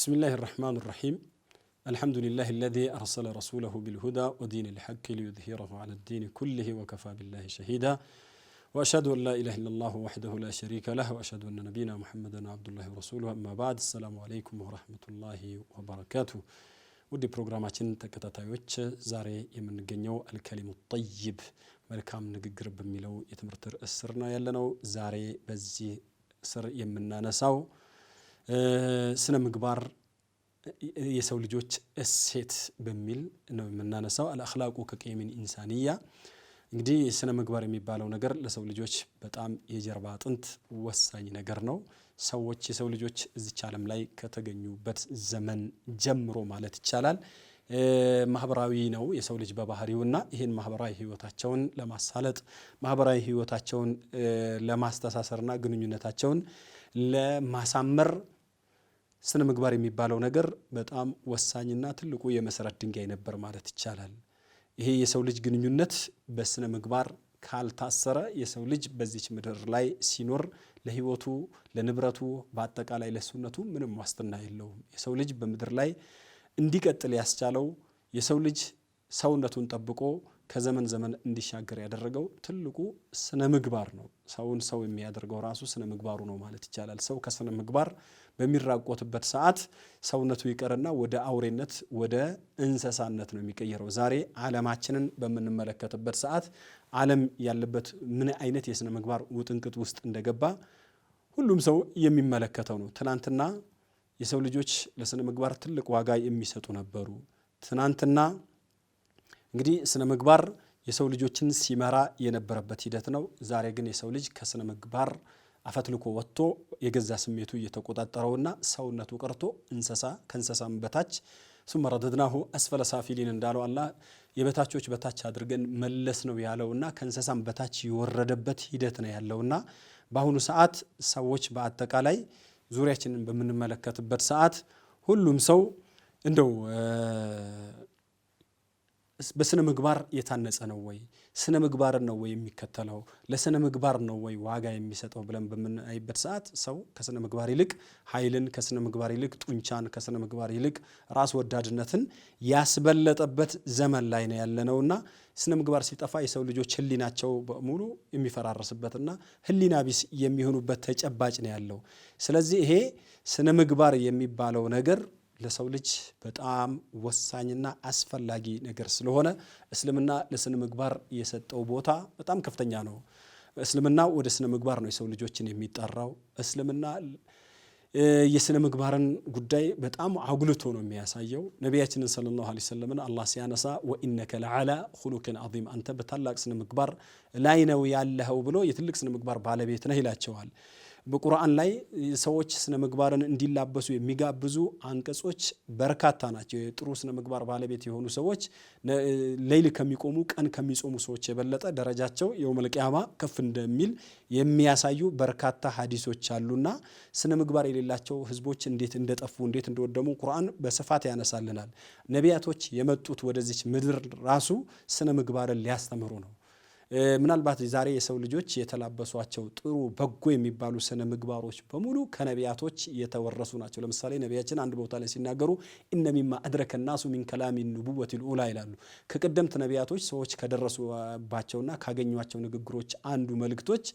بسم الله الرحمن الرحيم الحمد لله الذي أرسل رسوله بالهدى ودين الحق ليظهره على الدين كله وكفى بالله شهيدا وأشهد أن لا إله إلا الله وحده لا شريك له وأشهد أن نبينا محمدا عبد الله ورسوله أما بعد السلام عليكم ورحمة الله وبركاته ودي برنامجنا ተከታታዮች زاري يمن አልከሊሙ الكلم الطيب ملكام በሚለው ميلو يتمرتر السرنا ነው زاري بزي سر يمننا نساو ስነ ምግባር የሰው ልጆች እሴት በሚል ነው የምናነሳው። አልአክላቁ ከቄሚን ኢንሳንያ እንግዲህ ስነ ምግባር የሚባለው ነገር ለሰው ልጆች በጣም የጀርባ አጥንት ወሳኝ ነገር ነው። ሰዎች የሰው ልጆች እዚች ዓለም ላይ ከተገኙበት ዘመን ጀምሮ ማለት ይቻላል ማህበራዊ ነው የሰው ልጅ በባህሪው እና ይህን ማህበራዊ ህይወታቸውን ለማሳለጥ ማህበራዊ ህይወታቸውን ለማስተሳሰርና ግንኙነታቸውን ለማሳመር ስነ ምግባር የሚባለው ነገር በጣም ወሳኝና ትልቁ የመሰረት ድንጋይ ነበር ማለት ይቻላል። ይሄ የሰው ልጅ ግንኙነት በስነ ምግባር ካልታሰረ የሰው ልጅ በዚች ምድር ላይ ሲኖር ለህይወቱ ለንብረቱ፣ በአጠቃላይ ለሱነቱ ምንም ዋስትና የለውም። የሰው ልጅ በምድር ላይ እንዲቀጥል ያስቻለው የሰው ልጅ ሰውነቱን ጠብቆ ከዘመን ዘመን እንዲሻገር ያደረገው ትልቁ ስነ ምግባር ነው። ሰውን ሰው የሚያደርገው ራሱ ስነ ምግባሩ ነው ማለት ይቻላል። ሰው ከስነ ምግባር በሚራቆትበት ሰዓት ሰውነቱ ይቀርና ወደ አውሬነት ወደ እንስሳነት ነው የሚቀየረው። ዛሬ ዓለማችንን በምንመለከትበት ሰዓት ዓለም ያለበት ምን አይነት የሥነ ምግባር ውጥንቅጥ ውስጥ እንደገባ ሁሉም ሰው የሚመለከተው ነው። ትናንትና የሰው ልጆች ለሥነ ምግባር ትልቅ ዋጋ የሚሰጡ ነበሩ። ትናንትና እንግዲህ ሥነ ምግባር የሰው ልጆችን ሲመራ የነበረበት ሂደት ነው። ዛሬ ግን የሰው ልጅ ከሥነ ምግባር አፈትልኮ ወጥቶ የገዛ ስሜቱ እየተቆጣጠረውና ሰውነቱ ቀርቶ እንስሳ ከእንስሳም በታች ሱመ ረደድናሁ አስፈለ ሳፊሊን እንዳለው አላ የበታቾች በታች አድርገን መለስ ነው ያለውና ከእንስሳም በታች የወረደበት ሂደት ነው ያለውና በአሁኑ ሰዓት ሰዎች በአጠቃላይ ዙሪያችንን በምንመለከትበት ሰዓት ሁሉም ሰው እንደው በስነ ምግባር የታነጸ ነው ወይ ስነ ምግባርን ነው ወይ የሚከተለው ለስነ ምግባር ነው ወይ ዋጋ የሚሰጠው ብለን በምናይበት ሰዓት ሰው ከስነ ምግባር ይልቅ ኃይልን ከስነ ምግባር ይልቅ ጡንቻን ከስነ ምግባር ይልቅ ራስ ወዳድነትን ያስበለጠበት ዘመን ላይ ነው ያለነውና ስነ ምግባር ሲጠፋ የሰው ልጆች ህሊናቸው በሙሉ የሚፈራረስበትና ህሊና ቢስ የሚሆኑበት ተጨባጭ ነው ያለው። ስለዚህ ይሄ ስነ ምግባር የሚባለው ነገር ለሰው ልጅ በጣም ወሳኝና አስፈላጊ ነገር ስለሆነ እስልምና ለስነ ምግባር የሰጠው ቦታ በጣም ከፍተኛ ነው። እስልምና ወደ ስነ ምግባር ነው የሰው ልጆችን የሚጠራው። እስልምና የስነ ምግባርን ጉዳይ በጣም አጉልቶ ነው የሚያሳየው። ነቢያችንን ሰለላሁ ዐለይሂ ወሰለምን አላህ ሲያነሳ ወኢነከ ለዓላ ሁሉክን ዐዚም አንተ በታላቅ ስነ ምግባር ላይ ነው ያለኸው ብሎ የትልቅ ስነ ምግባር ባለቤት ነህ ይላቸዋል። በቁርአን ላይ ሰዎች ስነ ምግባርን እንዲላበሱ የሚጋብዙ አንቀጾች በርካታ ናቸው። የጥሩ ስነ ምግባር ባለቤት የሆኑ ሰዎች ሌይል ከሚቆሙ ቀን ከሚጾሙ ሰዎች የበለጠ ደረጃቸው የውመል ቂያማ ከፍ እንደሚል የሚያሳዩ በርካታ ሀዲሶች አሉና ስነ ምግባር የሌላቸው ህዝቦች እንዴት እንደጠፉ እንዴት እንደወደሙ ቁርአን በስፋት ያነሳልናል። ነቢያቶች የመጡት ወደዚች ምድር ራሱ ስነ ምግባርን ሊያስተምሩ ነው። ምናልባት ዛሬ የሰው ልጆች የተላበሷቸው ጥሩ በጎ የሚባሉ ስነ ምግባሮች በሙሉ ከነቢያቶች የተወረሱ ናቸው። ለምሳሌ ነቢያችን አንድ ቦታ ላይ ሲናገሩ እነሚማ አድረከ ናሱ ሚን ከላሚ ንቡወት ልኡላ ይላሉ። ከቀደምት ነቢያቶች ሰዎች ከደረሱባቸውና ካገኟቸው ንግግሮች አንዱ መልእክቶች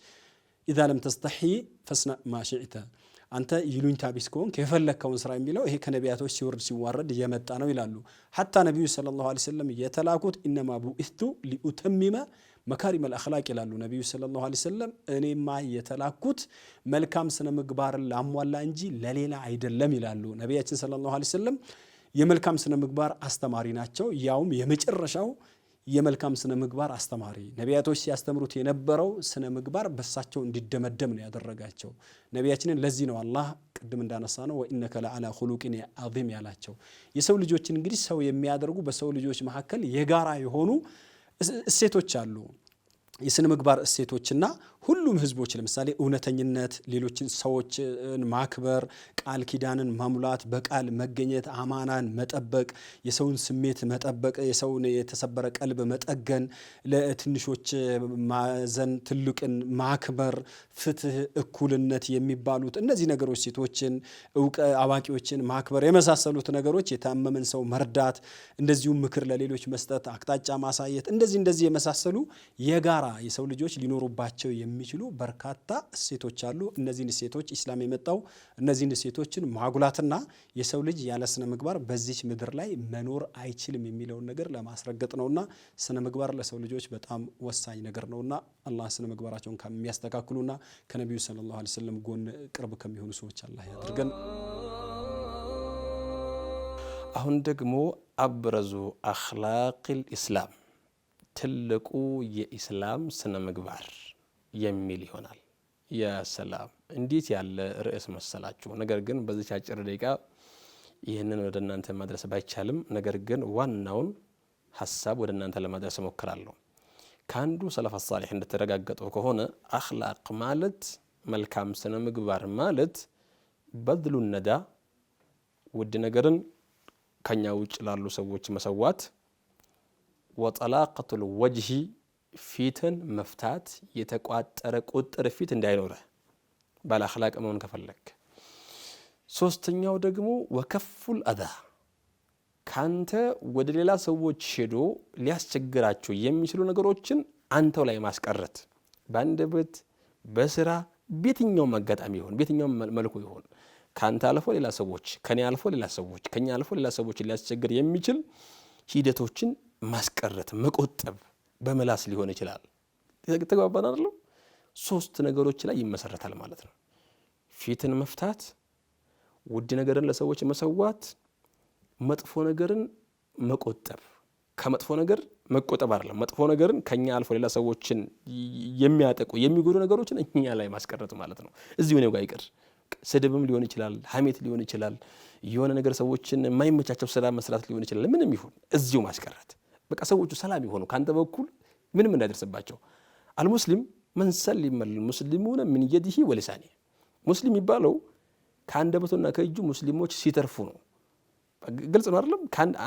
ኢዛ ለም ተስተሒ ፈስና ማሽዕተ አንተ ይሉኝታ ቢስ ከሆንክ የፈለግከውን ስራ የሚለው ይሄ ከነቢያቶች ሲወርድ ሲዋረድ የመጣ ነው ይላሉ። ሐታ ነቢዩ ሰለላሁ ዐለይሂ ወሰለም የተላኩት ኢነማ ቡኢስቱ ሊኡተሚመ መካሪመል አኽላቅ ይላሉ ነቢዩ ሰለላሁ ዐለይሂ ወሰለም። እኔማ የተላኩት መልካም ስነ ምግባርን ላሟላ እንጂ ለሌላ አይደለም ይላሉ ነቢያችን ሰለላሁ ዐለይሂ ወሰለም። የመልካም ስነ ምግባር አስተማሪ ናቸው። ያውም የመጨረሻው የመልካም ስነ ምግባር አስተማሪ ነቢያቶች ሲያስተምሩት የነበረው ስነ ምግባር በሳቸው እንዲደመደም ነው ያደረጋቸው ነቢያችንን። ለዚህ ነው አላህ ቅድም እንዳነሳ ነው ወኢነከ ለዓላ ሁሉቅን አዚም ያላቸው። የሰው ልጆችን እንግዲህ ሰው የሚያደርጉ በሰው ልጆች መካከል የጋራ የሆኑ እሴቶች አሉ። የስነ ምግባር እሴቶችና ሁሉም ህዝቦች ለምሳሌ እውነተኝነት፣ ሌሎችን ሰዎችን ማክበር፣ ቃል ኪዳንን መሙላት፣ በቃል መገኘት፣ አማናን መጠበቅ፣ የሰውን ስሜት መጠበቅ፣ የሰውን የተሰበረ ቀልብ መጠገን፣ ለትንሾች ማዘን፣ ትልቅን ማክበር፣ ፍትህ፣ እኩልነት የሚባሉት እነዚህ ነገሮች ሴቶችን፣ እውቀ አዋቂዎችን ማክበር የመሳሰሉት ነገሮች የታመመን ሰው መርዳት፣ እንደዚሁም ምክር ለሌሎች መስጠት፣ አቅጣጫ ማሳየት እንደዚህ እንደዚህ የመሳሰሉ የጋራ በጋራ የሰው ልጆች ሊኖሩባቸው የሚችሉ በርካታ እሴቶች አሉ። እነዚህን እሴቶች ኢስላም የመጣው እነዚህን እሴቶችን ማጉላትና የሰው ልጅ ያለ ስነ ምግባር በዚች ምድር ላይ መኖር አይችልም የሚለውን ነገር ለማስረገጥ ነውና ስነ ምግባር ለሰው ልጆች በጣም ወሳኝ ነገር ነውና አላህ ስነ ምግባራቸውን ከሚያስተካክሉና ከነቢዩ ሰለላሁ ዐለይሂ ወሰለም ጎን ቅርብ ከሚሆኑ ሰዎች አላህ ያድርገን። አሁን ደግሞ አብረዙ አኽላቅል ኢስላም ትልቁ የኢስላም ስነ ምግባር የሚል ይሆናል። የሰላም እንዴት ያለ ርዕስ መሰላችሁ! ነገር ግን በዚች አጭር ደቂቃ ይህንን ወደ እናንተ ማድረስ ባይቻልም፣ ነገር ግን ዋናውን ሀሳብ ወደ እናንተ ለማድረስ እሞክራለሁ። ከአንዱ ሰለፍ አሳሌሕ እንደተረጋገጠው ከሆነ አኽላቅ ማለት መልካም ስነ ምግባር ማለት በድሉ ነዳ ውድ ነገርን ከኛ ውጭ ላሉ ሰዎች መሰዋት ወጠላቀቱል ወጅሂ ፊትን መፍታት የተቋጠረ ቁጥር ፊት እንዳይኖረ ባለ መሆን ከፈለግ። ሶስተኛው ደግሞ ወከፉል አዛ ካንተ ወደ ሌላ ሰዎች ሄዶ ሊያስቸግራቸው የሚችሉ ነገሮችን አንተው ላይ ማስቀረት በአንድ በአንደበት በስራ በየትኛውም አጋጣሚ ይሆን በየትኛውም መልኩ ይሆን ከአንተ አልፎ ሌላ ሰዎች ከኔ አልፎ ሌላ ሰዎች ከኛ አልፎ ሌላ ሰዎች ሊያስቸግር የሚችል ሂደቶችን ማስቀረት፣ መቆጠብ በምላስ ሊሆን ይችላል። ተግባባን አይደለም? ሶስት ነገሮች ላይ ይመሰረታል ማለት ነው። ፊትን መፍታት፣ ውድ ነገርን ለሰዎች መሰዋት፣ መጥፎ ነገርን መቆጠብ። ከመጥፎ ነገር መቆጠብ አይደለም፣ መጥፎ ነገርን ከኛ አልፎ ሌላ ሰዎችን የሚያጠቁ የሚጎዱ ነገሮችን እኛ ላይ ማስቀረት ማለት ነው። እዚሁ እኔው ጋር ይቅር። ስድብም ሊሆን ይችላል፣ ሀሜት ሊሆን ይችላል፣ የሆነ ነገር ሰዎችን የማይመቻቸው ስራ መስራት ሊሆን ይችላል። ምንም ይሁን እዚሁ ማስቀረት በቃ ሰዎቹ ሰላም የሆኑ ከአንተ በኩል ምንም እንዳይደርስባቸው። አልሙስሊም መንሰል ይመል ሙስሊሙነ ምን የዲሂ ወሊሳኒ ሙስሊም የሚባለው ከአንደበቱና ከእጁ ሙስሊሞች ሲተርፉ ነው። ግልጽ ነው አይደለም?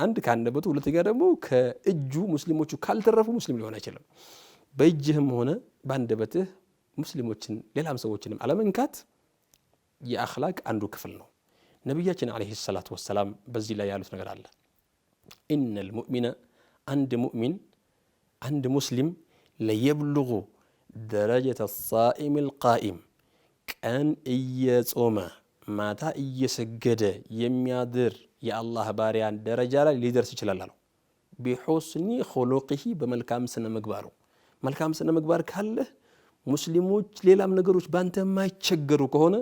አንድ ከአንደበቱ፣ ሁለተኛ ደግሞ ከእጁ ሙስሊሞቹ ካልተረፉ ሙስሊም ሊሆን አይችልም። በእጅህም ሆነ በአንደበትህ ሙስሊሞችን ሌላም ሰዎችንም አለመንካት የአኽላቅ አንዱ ክፍል ነው። ነቢያችን ዓለይሂ ሰላቱ ወሰላም በዚህ ላይ ያሉት ነገር አለ ኢነል ሙእሚና አንድ ሙእሚን አንድ ሙስሊም ለየብልጉ ደረጀተ ሳኢም ልቃኢም ቀን እየጾመ ማታ እየሰገደ የሚያድር የአላህ ባሪያን ደረጃ ላይ ሊደርስ ይችላል አለው። ቢሑስኒ ኮሎቅሂ በመልካም ስነ ምግባሩ። መልካም ስነ ምግባር ካለህ ሙስሊሞች፣ ሌላም ነገሮች በአንተ የማይቸገሩ ከሆነ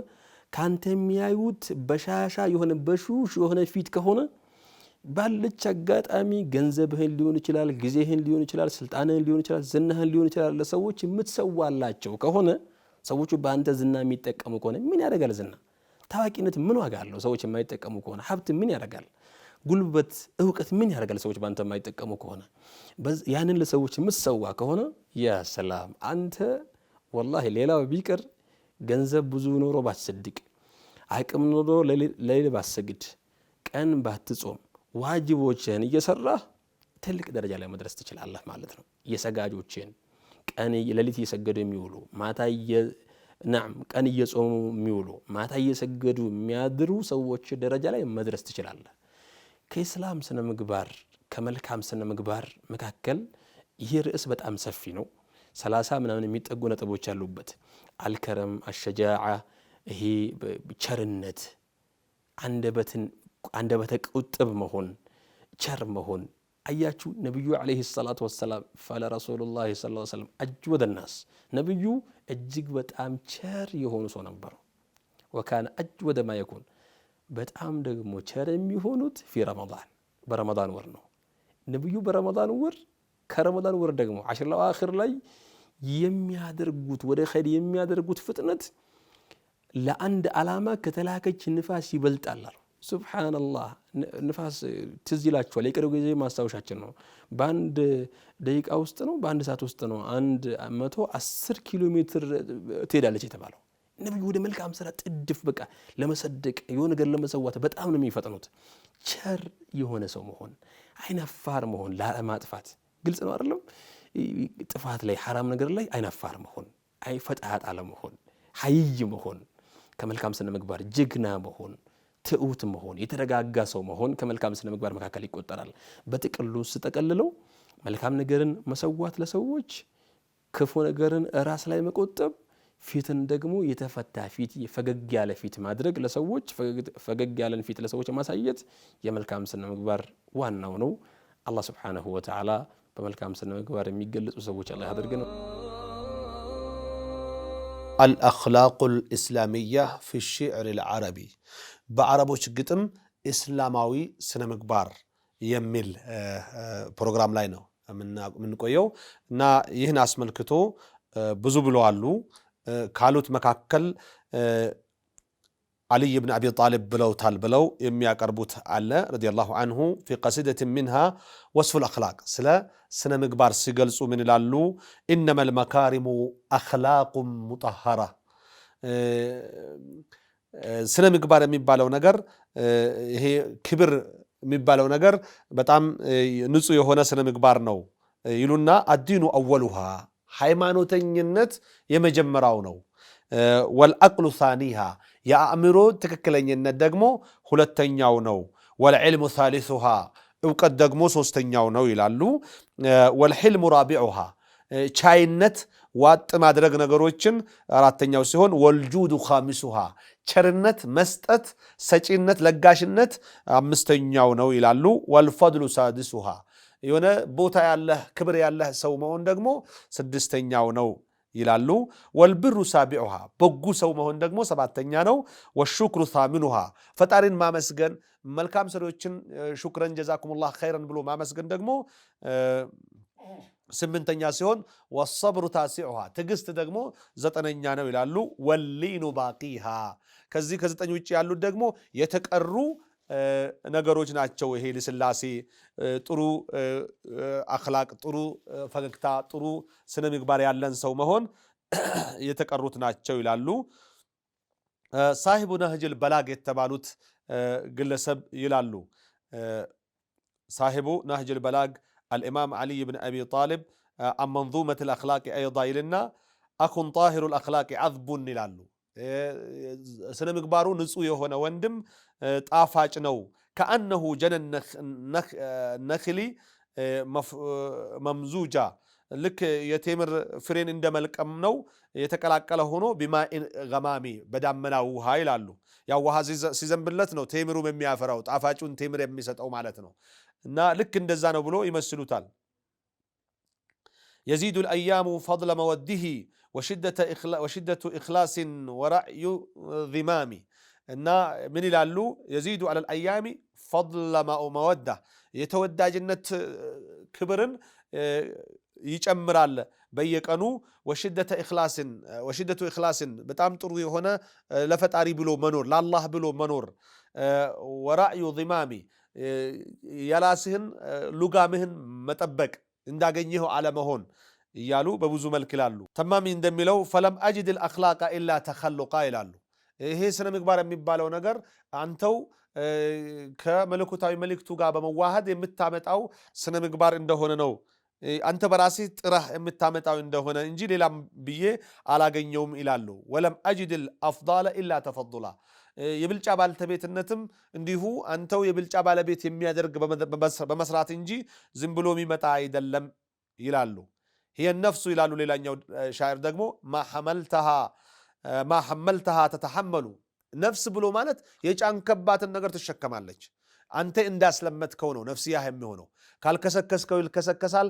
ከአንተ የሚያዩት በሻሻ የሆነ በሹሽ የሆነ ፊት ከሆነ ባለች አጋጣሚ ገንዘብህን ሊሆን ይችላል፣ ጊዜህን ሊሆን ይችላል፣ ስልጣንህን ሊሆን ይችላል፣ ዝናህን ሊሆን ይችላል። ለሰዎች የምትሰዋላቸው ከሆነ ሰዎቹ በአንተ ዝና የሚጠቀሙ ከሆነ ምን ያደርጋል? ዝና ታዋቂነት ምን ዋጋ አለው? ሰዎች የማይጠቀሙ ከሆነ ሀብት ምን ያደርጋል? ጉልበት፣ እውቀት ምን ያደርጋል? ሰዎች በአንተ የማይጠቀሙ ከሆነ ያንን ለሰዎች የምትሰዋ ከሆነ ያ ሰላም አንተ ወላሂ ሌላው ቢቀር ገንዘብ ብዙ ኖሮ ባትሰድቅ፣ አቅም ኖሮ ለሌል ባትሰግድ፣ ቀን ባትጾም ዋጅቦችን እየሰራ ትልቅ ደረጃ ላይ መድረስ ትችላለህ ማለት ነው። የሰጋጆችን ቀን ሌሊት እየሰገዱ የሚውሉ ማታ ናም ቀን እየጾሙ የሚውሉ ማታ እየሰገዱ የሚያድሩ ሰዎች ደረጃ ላይ መድረስ ትችላለህ። ከኢስላም ስነ ምግባር ከመልካም ስነ ምግባር መካከል ይህ ርዕስ በጣም ሰፊ ነው። ሰላሳ ምናምን የሚጠጉ ነጥቦች ያሉበት አልከረም፣ አሸጃዓ፣ ይሄ ቸርነት አንደበትን አንደበተ ቁጥብ መሆን፣ ቸር መሆን። አያችሁ ነቢዩ ዓለይሂ ሰላቱ ወሰላም ፈለ ረሱሉላሂ ሰለላሁ ዐለይሂ ወሰለም አጅወደ ናስ ነቢዩ እጅግ በጣም ቸር የሆኑ ሰው ነበሩ። ወካነ አጅወደ ማ የኩን በጣም ደግሞ ቸር የሚሆኑት ፊ ረመዳን በረመዳን ወር ነው። ነቢዩ በረመዳን ወር ከረመዳን ወር ደግሞ ዓሽር ለአዋኺር ላይ የሚያደርጉት ወደ ኸይር የሚያደርጉት ፍጥነት ለአንድ ዓላማ ከተላከች ንፋስ ይበልጣል አሉ። ሱብሓነላህ ንፋስ ትዝ ይላችኋል። የቅርብ ጊዜ ማስታወሻችን ነው። በአንድ ደቂቃ ውስጥ ነው፣ በአንድ ሰዓት ውስጥ ነው አንድ መቶ አስር ኪሎ ሜትር ትሄዳለች የተባለው። ነቢዩ ወደ መልካም ስራ ጥድፍ በቃ ለመሰደቅ የሆነ ነገር ለመሰዋት በጣም ነው የሚፈጥኑት። ቸር የሆነ ሰው መሆን፣ አይናፋር መሆን ለማጥፋት ግልጽ ነው አይደለም? ጥፋት ላይ ሐራም ነገር ላይ አይናፋር መሆን፣ ፈጣጣ ለመሆን፣ ሀይይ መሆን፣ ከመልካም ስነ ምግባር ጀግና መሆን ትዑት መሆን የተረጋጋ ሰው መሆን ከመልካም ስነ ምግባር መካከል ይቆጠራል። በጥቅሉ ስጠቀልለው መልካም ነገርን መሰዋት ለሰዎች፣ ክፉ ነገርን ራስ ላይ መቆጠብ፣ ፊትን ደግሞ የተፈታ ፊት ፈገግ ያለ ፊት ማድረግ ለሰዎች ፈገግ ያለን ፊት ለሰዎች ማሳየት የመልካም ስነ ምግባር ዋናው ነው። አላህ ስብሓነሁ ወተዓላ በመልካም ስነ ምግባር የሚገለጹ ሰዎች አላህ ያድርገን። አልአኽላቁል ኢስላሚያ ፊ ሽዕር ልዓረቢ በአረቦች ግጥም ኢስላማዊ ስነ ምግባር የሚል ፕሮግራም ላይ ነው የምንቆየው እና ይህን አስመልክቶ ብዙ ብለዋሉ ካሉት መካከል አልይ ብን አቢ ጣሊብ ብለውታል ብለው የሚያቀርቡት አለ ረዲየላሁ አንሁ ፊ ቀሲደትን ሚንሃ ወስፉል አኽላቅ ስለ ስነ ምግባር ሲገልጹ ምን ይላሉ? ኢነመል መካሪሙ አኽላቁም ሙጠሃራ ስነ ምግባር የሚባለው ነገር ይሄ ክብር የሚባለው ነገር በጣም ንጹህ የሆነ ስነ ምግባር ነው ይሉና አዲኑ አወሉሃ ሃይማኖተኝነት የመጀመሪያው ነው ወልአቅሉ ሳኒሃ የአእምሮ ትክክለኝነት ደግሞ ሁለተኛው ነው። ወልዕልሙ ሳሊሱሃ እውቀት ደግሞ ሶስተኛው ነው ይላሉ። ወልሕልሙ ራቢዑሃ ቻይነት ዋጥ ማድረግ ነገሮችን አራተኛው ሲሆን፣ ወልጁዱ ኻሚሱሃ ቸርነት መስጠት፣ ሰጪነት፣ ለጋሽነት አምስተኛው ነው ይላሉ። ወልፈድሉ ሳድሱሃ የሆነ ቦታ ያለህ ክብር ያለህ ሰው መሆን ደግሞ ስድስተኛው ነው። ይላሉ። ወልብሩ ሳቢዑሃ በጉ ሰው መሆን ደግሞ ሰባተኛ ነው። ወሹክሩ ሳሚኑሃ ፈጣሪን ማመስገን መልካም ሰሪዎችን ሹክረን ጀዛኩሙላህ ኸይረን ብሎ ማመስገን ደግሞ ስምንተኛ ሲሆን ወሰብሩ ታሲዑሃ ትዕግስት ደግሞ ዘጠነኛ ነው ይላሉ። ወሊኑ ባቂሃ ከዚህ ከዘጠኝ ውጭ ያሉት ደግሞ የተቀሩ ነገሮች ናቸው። ይሄ ልስላሴ ጥሩ አክላቅ፣ ጥሩ ፈገግታ፣ ጥሩ ስነ ምግባር ያለን ሰው መሆን የተቀሩት ናቸው ይላሉ። ሳሂቡ ነህጅል በላግ የተባሉት ግለሰብ ይላሉ። ሳሂቡ ነህጅል በላግ አልኢማም ዓሊይ ብን አቢ ጣልብ አመንዙመት ልአክላቂ አይዳ ይልና አኩን ጣሂሩ ልአክላቂ አዝቡን ይላሉ ስነ ምግባሩ ንጹህ የሆነ ወንድም ጣፋጭ ነው። ከአነሁ ጀነን ነክሊ መምዙጃ ልክ የቴምር ፍሬን እንደ መልቀም ነው የተቀላቀለ ሆኖ ቢማኢን ገማሚ በዳመና ውሃ ይላሉ። ያ ውሃ ሲዘንብለት ነው ቴምሩም የሚያፈራው ጣፋጩን ቴምር የሚሰጠው ማለት ነው። እና ልክ እንደዛ ነው ብሎ ይመስሉታል። የዚዱ ልአያሙ ፈضለ መወዲህ ወሽደቱ ኢኽላሲን ወራዕዩ ዚማሚ እና ምን ይላሉ? የዚዱ አለል አያሚ ፈድለ መወዳ የተወዳጅነት ክብርን ይጨምራል በየቀኑ ወሽደቱ ኢኽላስን በጣም ጥሩ የሆነ ለፈጣሪ ብሎ መኖር ለአላህ ብሎ መኖር ወራዩ ዚማሚ የራስህን ሉጋምህን መጠበቅ እንዳገኘው አለመሆን እያሉ በብዙ መልክ ይላሉ። ተማሚ እንደሚለው ፈለም አጅድ ልአክላቃ ኢላ ተከሉቃ ይላሉ። ይሄ ስነ ምግባር የሚባለው ነገር አንተው ከመለኮታዊ መልእክቱ ጋር በመዋሃድ የምታመጣው ስነ ምግባር እንደሆነ ነው። አንተ በራሴ ጥረህ የምታመጣው እንደሆነ እንጂ ሌላም ብዬ አላገኘውም ይላሉ። ወለም አጅድል አፍዳለ ኢላ ተፈዱላ የብልጫ ባልተቤትነትም እንዲሁ አንተው የብልጫ ባለቤት የሚያደርግ በመስራት እንጂ ዝም ብሎ የሚመጣ አይደለም ይላሉ። ሂየን ነፍሱ ይላሉ። ሌላኛው ሻዕር ደግሞ ማ ሐመልተሃ ተተሐመሉ ነፍስ ብሎ ማለት የጫንከባትን ነገር ትሸከማለች። አንተ እንዳስለመትከው ነው ነፍስያህ የሚሆነው። ካልከሰከስከው ይልከሰከሳል፣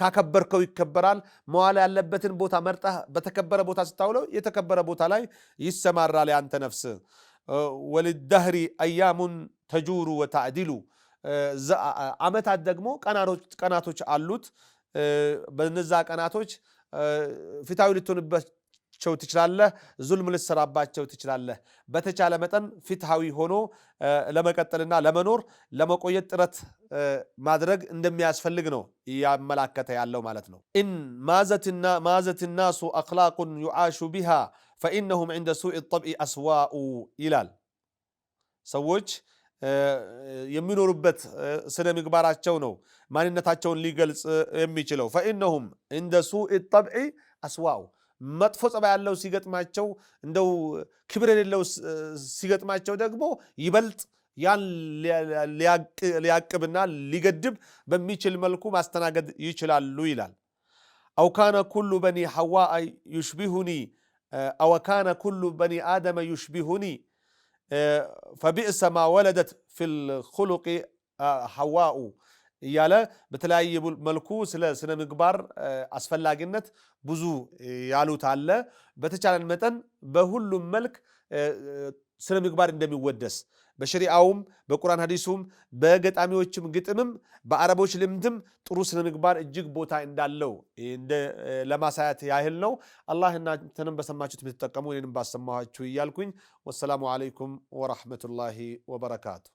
ካከበርከው ይከበራል። መዋል ያለበትን ቦታ መርጠህ በተከበረ ቦታ ስታውለው የተከበረ ቦታ ላይ ይሰማራል የአንተ ነፍስ። ወልደህሪ አያሙን ተጁሩ ወታዕዲሉ ዓመታት ደግሞ ቀናቶች አሉት በነዛ ቀናቶች ፊታዊ ልትሆንባቸው ትችላለህ፣ ዙልም ልትሰራባቸው ትችላለህ። በተቻለ መጠን ፊትሃዊ ሆኖ ለመቀጠልና ለመኖር ለመቆየት ጥረት ማድረግ እንደሚያስፈልግ ነው እያመላከተ ያለው ማለት ነው። ኢን ማዘት ናሱ አክላቁን ዩዓሹ ቢሃ ፈኢነሁም ዕንደ ሱኢ ጠብኢ አስዋኡ ይላል ሰዎች የሚኖሩበት ስነ ምግባራቸው ነው ማንነታቸውን ሊገልጽ የሚችለው። ፈኢነሁም እንደ ሱኢ ጠብዒ አስዋው መጥፎ ጸባ ያለው ሲገጥማቸው፣ እንደው ክብር የሌለው ሲገጥማቸው ደግሞ ይበልጥ ያን ሊያቅብና ሊገድብ በሚችል መልኩ ማስተናገድ ይችላሉ ይላል። አውካነ ኩሉ በኒ ሐዋ ዩሽቢሁኒ አወካነ ኩሉ በኒ አደመ ዩሽቢሁኒ ፈቢእሰማ ወለደት ፊል ኩሉቂ ሐዋኡ እያለ በተለያየ መልኩ ስለ ስነ ምግባር አስፈላጊነት ብዙ ያሉት አለ። በተቻለን መጠን በሁሉም መልክ ስነ ምግባር እንደሚወደስ በሸሪአውም በቁርአን ሐዲሱም በገጣሚዎችም ግጥምም በአረቦች ልምድም ጥሩ ስነ ምግባር እጅግ ቦታ እንዳለው ለማሳያት ያህል ነው። አላህ እናንተንም በሰማችሁት የምትጠቀሙ እኔንም ባሰማኋችሁ እያልኩኝ ወሰላሙ አለይኩም ወራህመቱላሂ ወበረካቱ።